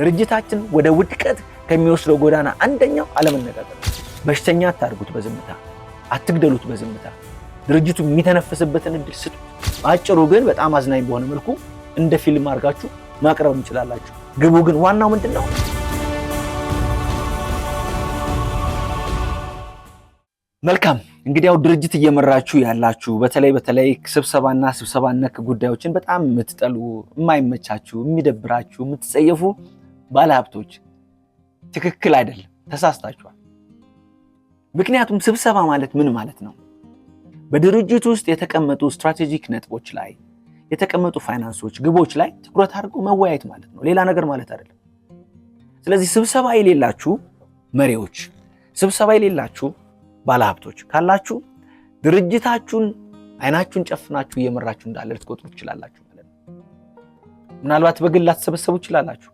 ድርጅታችን ወደ ውድቀት ከሚወስደው ጎዳና አንደኛው አለመነጋገር። በሽተኛ አታርጉት በዝምታ አትግደሉት በዝምታ ድርጅቱ የሚተነፍስበትን እድል ስጡ። በአጭሩ ግን በጣም አዝናኝ በሆነ መልኩ እንደ ፊልም አድርጋችሁ ማቅረብ እንችላላችሁ። ግቡ ግን ዋናው ምንድን ነው? መልካም እንግዲህ ያው ድርጅት እየመራችሁ ያላችሁ በተለይ በተለይ ስብሰባና ስብሰባ ነክ ጉዳዮችን በጣም የምትጠሉ፣ የማይመቻችሁ፣ የሚደብራችሁ፣ የምትጸየፉ ባለሀብቶች ትክክል አይደለም፣ ተሳስታችኋል። ምክንያቱም ስብሰባ ማለት ምን ማለት ነው? በድርጅት ውስጥ የተቀመጡ ስትራቴጂክ ነጥቦች ላይ የተቀመጡ ፋይናንሶች፣ ግቦች ላይ ትኩረት አድርጎ መወያየት ማለት ነው፣ ሌላ ነገር ማለት አይደለም። ስለዚህ ስብሰባ የሌላችሁ መሪዎች፣ ስብሰባ የሌላችሁ ባለሀብቶች ካላችሁ ድርጅታችሁን አይናችሁን ጨፍናችሁ እየመራችሁ እንዳለ ልትቆጥሩ ትችላላችሁ ማለት ነው። ምናልባት በግል ላትሰበሰቡ ትችላላችሁ።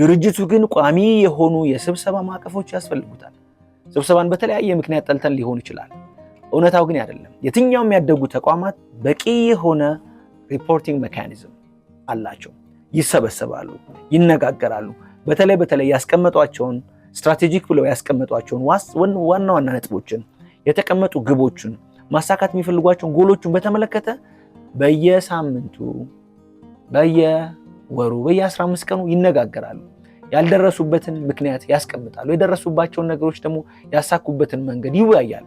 ድርጅቱ ግን ቋሚ የሆኑ የስብሰባ ማዕቀፎች ያስፈልጉታል። ስብሰባን በተለያየ ምክንያት ጠልተን ሊሆን ይችላል። እውነታው ግን አይደለም። የትኛውም ያደጉ ተቋማት በቂ የሆነ ሪፖርቲንግ ሜካኒዝም አላቸው። ይሰበሰባሉ፣ ይነጋገራሉ። በተለይ በተለይ ያስቀመጧቸውን ስትራቴጂክ ብለው ያስቀመጧቸውን ዋና ዋና ነጥቦችን፣ የተቀመጡ ግቦችን፣ ማሳካት የሚፈልጓቸውን ጎሎችን በተመለከተ በየሳምንቱ በየ ወሩ በየአስራ 15 ቀኑ ይነጋገራሉ። ያልደረሱበትን ምክንያት ያስቀምጣሉ። የደረሱባቸውን ነገሮች ደግሞ ያሳኩበትን መንገድ ይወያያሉ።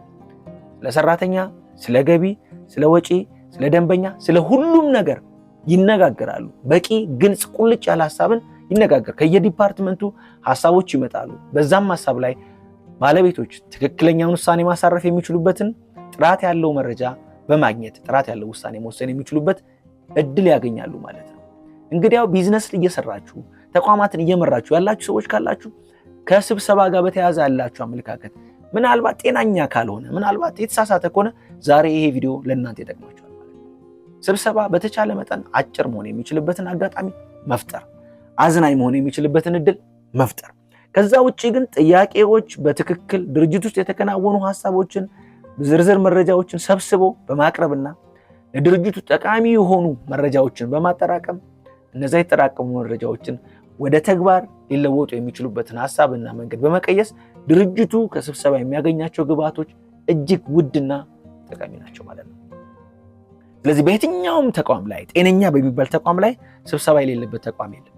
ስለ ሰራተኛ፣ ስለ ገቢ፣ ስለ ወጪ፣ ስለ ደንበኛ፣ ስለ ሁሉም ነገር ይነጋገራሉ። በቂ ግልጽ፣ ቁልጭ ያለ ሀሳብን ይነጋገር። ከየዲፓርትመንቱ ሀሳቦች ይመጣሉ። በዛም ሀሳብ ላይ ባለቤቶች ትክክለኛውን ውሳኔ ማሳረፍ የሚችሉበትን ጥራት ያለው መረጃ በማግኘት ጥራት ያለው ውሳኔ መወሰን የሚችሉበት እድል ያገኛሉ ማለት ነው። እንግዲያው ቢዝነስ እየሰራችሁ ተቋማትን እየመራችሁ ያላችሁ ሰዎች ካላችሁ ከስብሰባ ጋር በተያያዘ ያላችሁ አመለካከት ምናልባት ጤናኛ ካልሆነ ምናልባት የተሳሳተ ከሆነ ዛሬ ይሄ ቪዲዮ ለእናንተ ይጠቅማችኋል ማለት ነው። ስብሰባ በተቻለ መጠን አጭር መሆን የሚችልበትን አጋጣሚ መፍጠር፣ አዝናኝ መሆን የሚችልበትን እድል መፍጠር። ከዛ ውጭ ግን ጥያቄዎች በትክክል ድርጅት ውስጥ የተከናወኑ ሀሳቦችን ዝርዝር መረጃዎችን ሰብስቦ በማቅረብና ለድርጅቱ ጠቃሚ የሆኑ መረጃዎችን በማጠራቀም እነዛ የተጠራቀሙ መረጃዎችን ወደ ተግባር ሊለወጡ የሚችሉበትን ሀሳብና መንገድ በመቀየስ ድርጅቱ ከስብሰባ የሚያገኛቸው ግብዓቶች እጅግ ውድና ጠቃሚ ናቸው ማለት ነው። ስለዚህ በየትኛውም ተቋም ላይ ጤነኛ በሚባል ተቋም ላይ ስብሰባ የሌለበት ተቋም የለም።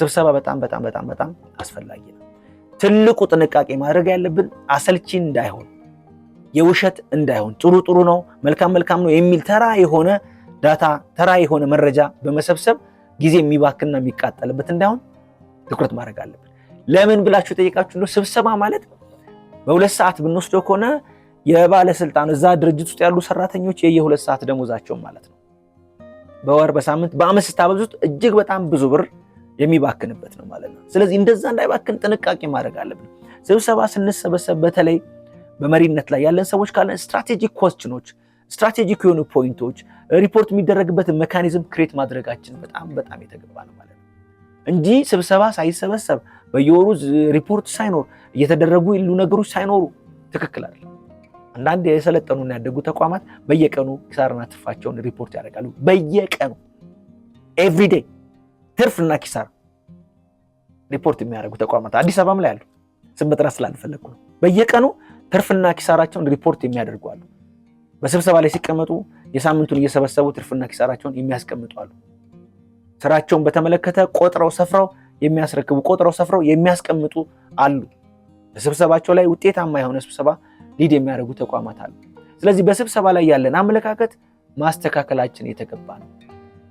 ስብሰባ በጣም በጣም በጣም በጣም አስፈላጊ ነው። ትልቁ ጥንቃቄ ማድረግ ያለብን አሰልቺ እንዳይሆን፣ የውሸት እንዳይሆን፣ ጥሩ ጥሩ ነው፣ መልካም መልካም ነው የሚል ተራ የሆነ ዳታ ተራ የሆነ መረጃ በመሰብሰብ ጊዜ የሚባክንና የሚቃጠልበት እንዳይሆን ትኩረት ማድረግ አለብን። ለምን ብላችሁ ጠይቃችሁ እንደው ስብሰባ ማለት በሁለት ሰዓት ብንወስደው ከሆነ የባለስልጣን እዛ ድርጅት ውስጥ ያሉ ሰራተኞች የየሁለት ሰዓት ደሞዛቸውን ማለት ነው። በወር በሳምንት በአመት ስታበዙት እጅግ በጣም ብዙ ብር የሚባክንበት ነው ማለት ነው። ስለዚህ እንደዛ እንዳይባክን ጥንቃቄ ማድረግ አለብን። ስብሰባ ስንሰበሰብ በተለይ በመሪነት ላይ ያለን ሰዎች ካለን ስትራቴጂክ ኮስችኖች ስትራቴጂክ የሆኑ ፖይንቶች ሪፖርት የሚደረግበትን መካኒዝም ክሬት ማድረጋችን በጣም በጣም የተገባ ነው ማለት ነው እንጂ ስብሰባ ሳይሰበሰብ በየወሩ ሪፖርት ሳይኖር እየተደረጉ ያሉ ነገሮች ሳይኖሩ ትክክል አይደለም። አንዳንድ የሰለጠኑና ያደጉ ተቋማት በየቀኑ ኪሳርና ትርፋቸውን ሪፖርት ያደርጋሉ። በየቀኑ ኤቭሪዴይ ትርፍና ኪሳር ሪፖርት የሚያደርጉ ተቋማት አዲስ አበባም ላይ አሉ። ስም መጥራት ስላልፈለግኩ ነው። በየቀኑ ትርፍና ኪሳራቸውን ሪፖርት የሚያደርጉ አሉ። በስብሰባ ላይ ሲቀመጡ የሳምንቱን እየሰበሰቡ ትርፍና ኪሳራቸውን የሚያስቀምጡ አሉ። ስራቸውን በተመለከተ ቆጥረው ሰፍረው የሚያስረክቡ ቆጥረው ሰፍረው የሚያስቀምጡ አሉ። በስብሰባቸው ላይ ውጤታማ የሆነ ስብሰባ ሊድ የሚያደርጉ ተቋማት አሉ። ስለዚህ በስብሰባ ላይ ያለን አመለካከት ማስተካከላችን የተገባ ነው።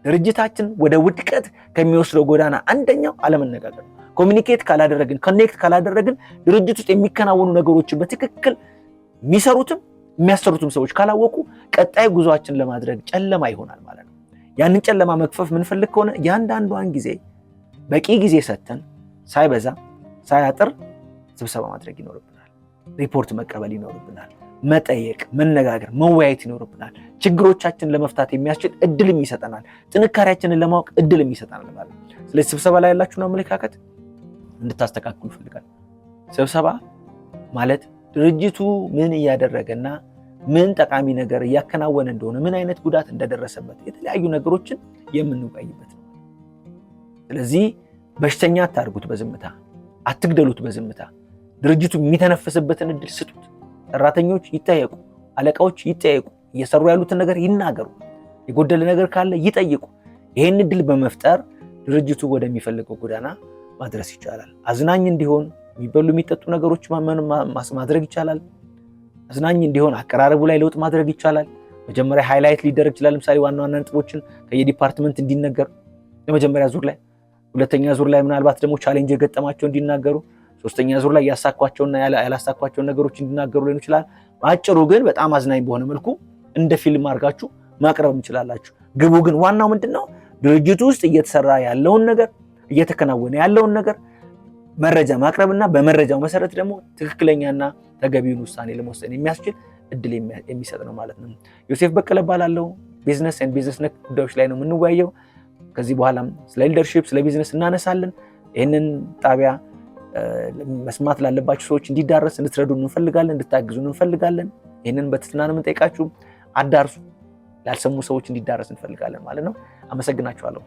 ድርጅታችን ወደ ውድቀት ከሚወስደው ጎዳና አንደኛው አለመነጋገር ነው። ኮሚኒኬት ካላደረግን፣ ኮኔክት ካላደረግን ድርጅት ውስጥ የሚከናወኑ ነገሮችን በትክክል የሚሰሩትም የሚያሰሩትም ሰዎች ካላወቁ ቀጣይ ጉዞችን ለማድረግ ጨለማ ይሆናል ማለት ነው። ያንን ጨለማ መክፈፍ ምንፈልግ ከሆነ ያንዳንዷን ጊዜ በቂ ጊዜ ሰጥተን ሳይበዛ ሳያጥር ስብሰባ ማድረግ ይኖርብናል። ሪፖርት መቀበል ይኖርብናል። መጠየቅ፣ መነጋገር፣ መወያየት ይኖርብናል። ችግሮቻችንን ለመፍታት የሚያስችል እድልም ይሰጠናል። ጥንካሬያችንን ለማወቅ እድልም ይሰጠናል ማለት ነው። ስለዚህ ስብሰባ ላይ ያላችሁን አመለካከት እንድታስተካክሉ ይፈልጋል። ስብሰባ ማለት ድርጅቱ ምን እያደረገና ምን ጠቃሚ ነገር እያከናወነ እንደሆነ፣ ምን አይነት ጉዳት እንደደረሰበት የተለያዩ ነገሮችን የምንወያይበት ነው። ስለዚህ በሽተኛ አታርጉት በዝምታ አትግደሉት በዝምታ ድርጅቱ የሚተነፍስበትን እድል ስጡት። ሰራተኞች ይጠየቁ፣ አለቃዎች ይጠየቁ፣ እየሰሩ ያሉትን ነገር ይናገሩ፣ የጎደለ ነገር ካለ ይጠይቁ። ይህን እድል በመፍጠር ድርጅቱ ወደሚፈልገው ጎዳና ማድረስ ይቻላል። አዝናኝ እንዲሆን የሚበሉ የሚጠጡ ነገሮች ማድረግ ይቻላል። አዝናኝ እንዲሆን አቀራረቡ ላይ ለውጥ ማድረግ ይቻላል። መጀመሪያ ሃይላይት ሊደረግ ይችላል። ለምሳሌ ዋና ዋና ነጥቦችን ከየዲፓርትመንት እንዲነገር የመጀመሪያ ዙር ላይ፣ ሁለተኛ ዙር ላይ ምናልባት ደግሞ ቻሌንጅ የገጠማቸው እንዲናገሩ፣ ሶስተኛ ዙር ላይ ያሳኳቸውና ያላሳኳቸውን ነገሮች እንዲናገሩ ሊሆን ይችላል። በአጭሩ ግን በጣም አዝናኝ በሆነ መልኩ እንደ ፊልም አድርጋችሁ ማቅረብ እንችላላችሁ። ግቡ ግን ዋናው ምንድን ነው? ድርጅቱ ውስጥ እየተሰራ ያለውን ነገር እየተከናወነ ያለውን ነገር መረጃ እና በመረጃው መሰረት ደግሞ ትክክለኛና ተገቢውን ውሳኔ ለመወሰን የሚያስችል እድል የሚሰጥ ነው ማለት ነው። ዮሴፍ በቀለ እባላለሁ። ቢዝነስ ኤንድ ቢዝነስ ነክ ጉዳዮች ላይ ነው የምንወያየው። ከዚህ በኋላም ስለ ሊደርሺፕ፣ ስለ ቢዝነስ እናነሳለን። ይህንን ጣቢያ መስማት ላለባቸው ሰዎች እንዲዳረስ እንድትረዱን እንፈልጋለን፣ እንድታግዙን እንፈልጋለን። ይህንን በትህትና ነው የምንጠይቃችሁ። አዳርሱ፣ ላልሰሙ ሰዎች እንዲዳረስ እንፈልጋለን ማለት ነው። አመሰግናችኋለሁ።